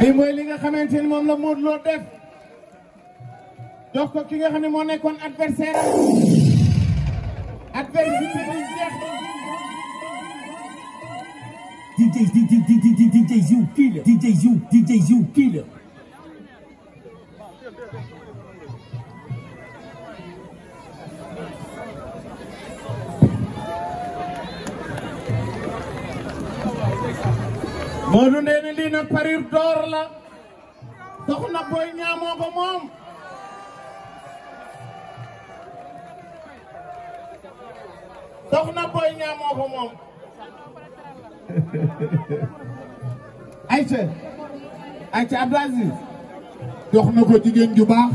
bi mooy li nga la def ko ki nga adversaire bi jeex DJ DJ DJ DJ Zou Killer DJ Zou DJ Zou Killer bii nag parir door la soxna Boy Niang moo ko jox na ko jigéen ju baax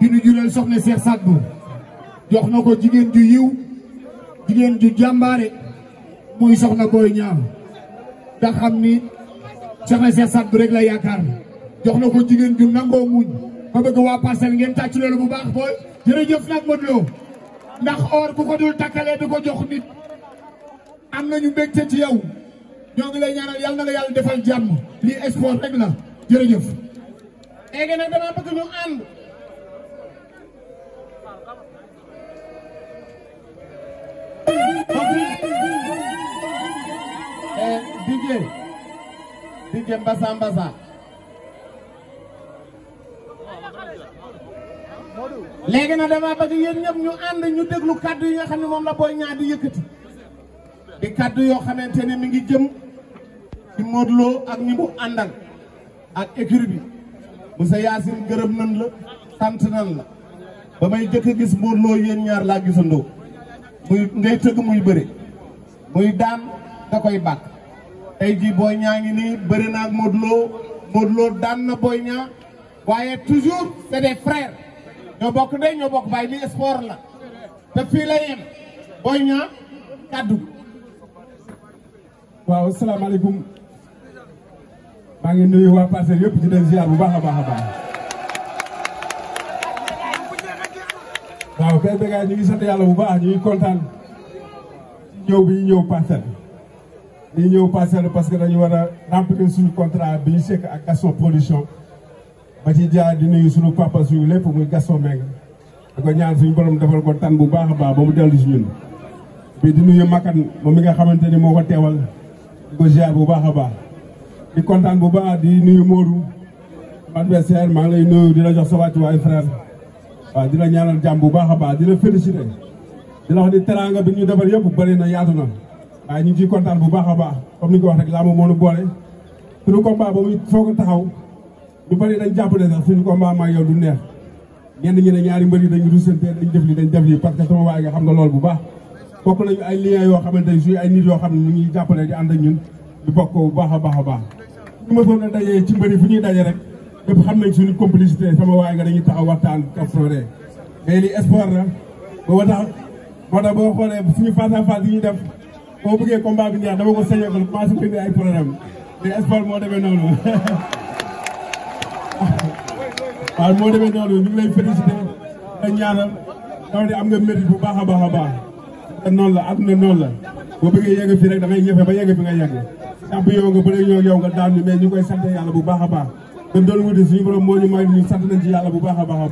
ju nu jural soxna Cheikh Sadbou jox na ko jigéen ju yiw jigéen ju jàmbaare muy soxna Boy Niang da xam ni ca Cheikh Saad Bou rek la yaakaar jox na ko jigéen ju nangoo muñ ma bëgg waa parcelle ngeen tàcc loolu bu baax booy jërëjëf nag Modou Lo ndax or ku ko dul takkalee du ko jox nit am nañu mbégte ci yow ñoo ngi lay ñaanal yal na la yàlla defal jàmm lii sport rek la jërëjëf. léegi nag dama bëgg ñu ànd. Eh, DJ Mbassa Mbassa léegi nag dama bëgg yéen ñëpp ñu ànd ñu déglu kàddu yi nga xam ne moom la Boy Niang di yëkkati di kàddu yoo xamante ne mi ngi jëm ci Modou Lo ak ñi mu àndal ak écurie bi monsieur Yacine gërëm nan la sant nan la ba may jëkk gis Modou Lo ñaar laa gisandoo muy ngay tëgg muy bëre muy daan nga koy bàkk tey jii ini berenang modlo, modlo dan na ak Modou Lo Modou Lo daan na Boy Niang waaye toujours c'est des frères ñoo Bang de ñoo bokk baay li sport la te fii la yem Boy Niang kaddu. waaw salaamaaleykum ngi nuyu ziar bu waaw kay ñu ngi bu di ñëw passer parce que dañu wara remplir suñu contrat bi ci ak Gaston production ba ci jaar di nuyu suñu papa suñu lepp muy Gaston Meng ko ñaan suñu borom defal ko tan bu baax a ba mu delu ci ñun bi di nuyu Makan mo mi nga xamanteni moko moo ko jaar bu baax ba di contane bu baax di nuyu Modou adversaire maa ngi lay nuyu di la jox sa way frère wa di la ñaanal jàmm bu baax ba di la féliciter di la wax di teranga bi ñu defal yépp bari na yaatu na waaye ñu ngi ciy kontaan bu baax a baax comme ni ko wax rek laa moom moo nu boole suñu combat ba muy taxaw ñu bari dañ jàpp ne sax suñu combat maa yow du neex ñenn ñi ne ñaari mbër yi dañu rusante dañ jëf li dañ jëf li parce que sama waay nga xam bu baax bokk nañu yoo xamante ne suñu ay nit yoo xam ne ñu ngi jàppale di ànd ak bu baax a baax a baax ñu mësoon a dajee ci ñuy daje rek ñëpp xam nañ suñu complicité sama waay nga dañuy taxaw waxtaan afore mais li espoir la booba tax moo tax boo xoolee suñu face à face ñuy def boo bëggee combat bi neex dama ko sañagul commencé ko indi ay problème mais espoir moo demee noonu waaw moo demee noonu ñu ngi lay félicité da ñaanal daw di am nga mérite bu baax a baax a baax te noonu la àdduna noonu la boo bëggee yegg fii rek da ngay ñëfe ba yegg fi nga yegg sàmp yow nga bëri ñoo yow nga daan ñu mais ñu koy sant yàlla bu baax a baax kon doon wuti suñu borom moo ñu may ñu sant nañ ci yàlla bu baax a baax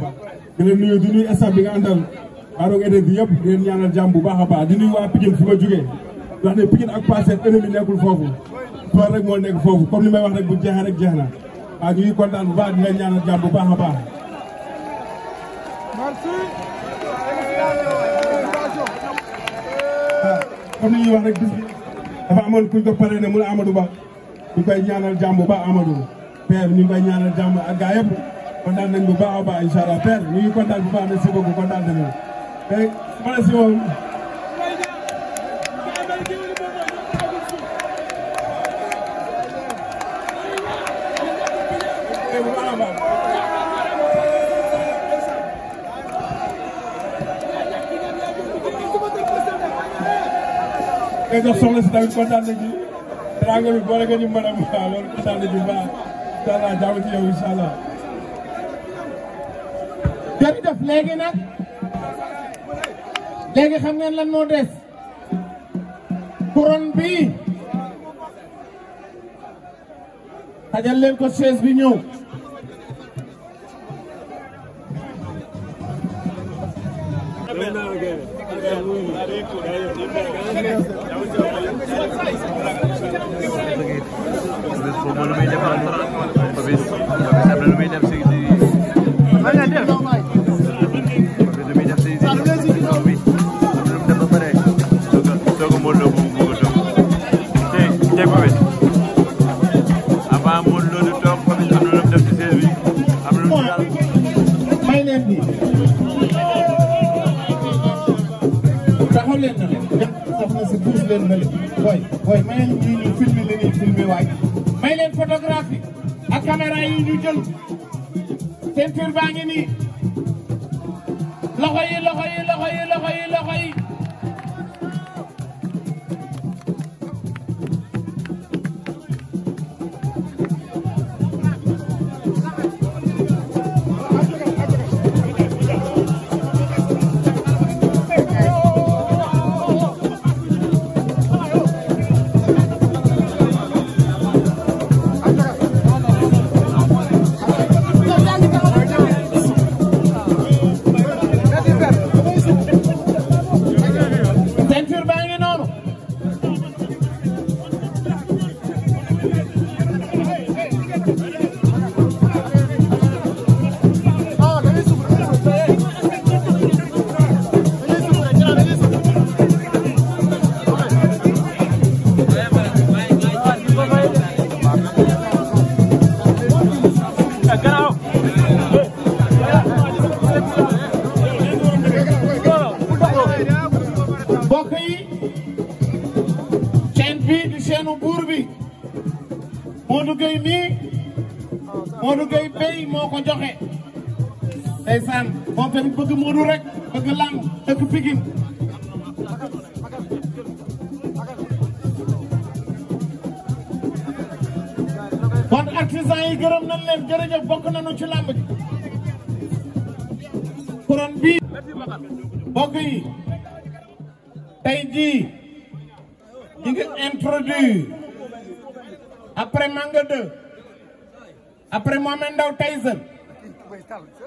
di leen nuyu di nuyu staff bi nga àndal waa Rock bi yëpp di leen ñaanal jàmm bu baax baax di nuyu waa Pikine fi ma jógee ndax ne Pikine ak Passe ennemi nekkul foofu toor moo nekk foofu comme li may wax rek bu jeexee rek jeex na waaw ñu ngi kontaan bu baax di leen ñaanal jàmm bu baax a baax. merci. Ah, comme ni ñuy wax rek bis bi dafa amoon kuñ ko paree ne mu ne Amadou Ba ñu koy ñaanal jàmm bu baax Amadou père ñu ngi koy ñaanal jàmm ak gaa yëpp kontaan nañ bu baax a baax incha allah père ñu ngi kontaan bu baax merci beaucoup kontaan nañu tey su ma la si woon day jox soxla si tamit kontaan a waaw loolu kontaan nañ ci ci yow incha allah. jërëjëf léegi nag léegi xam ngeen lan moo des couronne bi xajal leen ko chaise bi ñëw. waaye waaye may leen ñu filmer li ñuy filmer ak caméra yi ñu jël ceinture baa ngi nii loxo yi loxo yi loxo yi loxo yi loxo yi bi moo ko joxe ndeysaan moom tamit bëgg Modou rek bëgg làmb dëkk Pikine kon artisan yi gërëm nañ leen jërëjëf bokk nañu ci làmb ji couronne bi bokk yi tey jii ñu ngi introduire après Manga 2 après Mohamed Ndao Tyson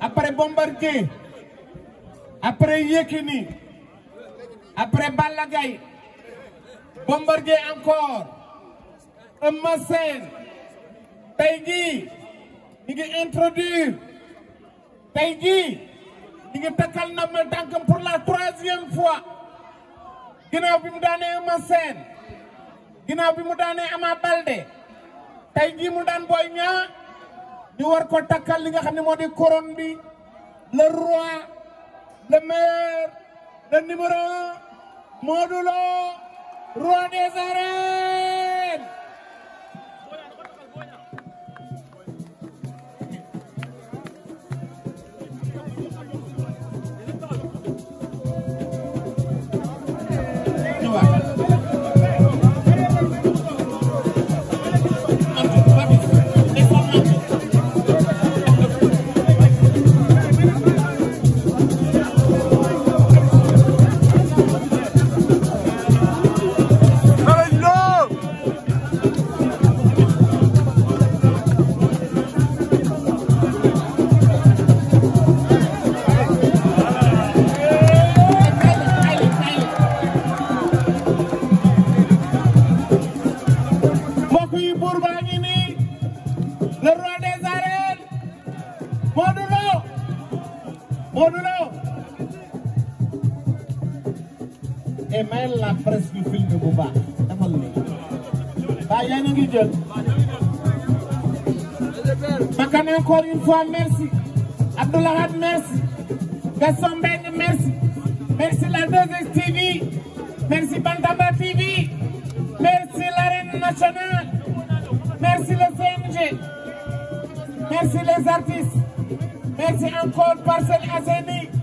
après Bombardier après Yekini après Balla Gaye Bombardier encore Eumeu Sène tey jii ñu ngi introduire tey jii ñu ngi takkal na ma tànkam pour la troisième fois ginnaaw bi mu daanee Eumeu Sène bi mu daanee Ama Baldé tey jii mu daan Boy Niang ñu war ko takkal li nga xam ne moo di couronne bi le roi le maire le numéro un Modou Lo roi des arènes le roi des arènes, et même la presse du film encore une fois merci Abdoulahad merci Gaston merci merci la 2 TV merci Bantamba TV merci l'arène nationale merci le CMG Merci les artistes. Merci encore Parcelles ennemis.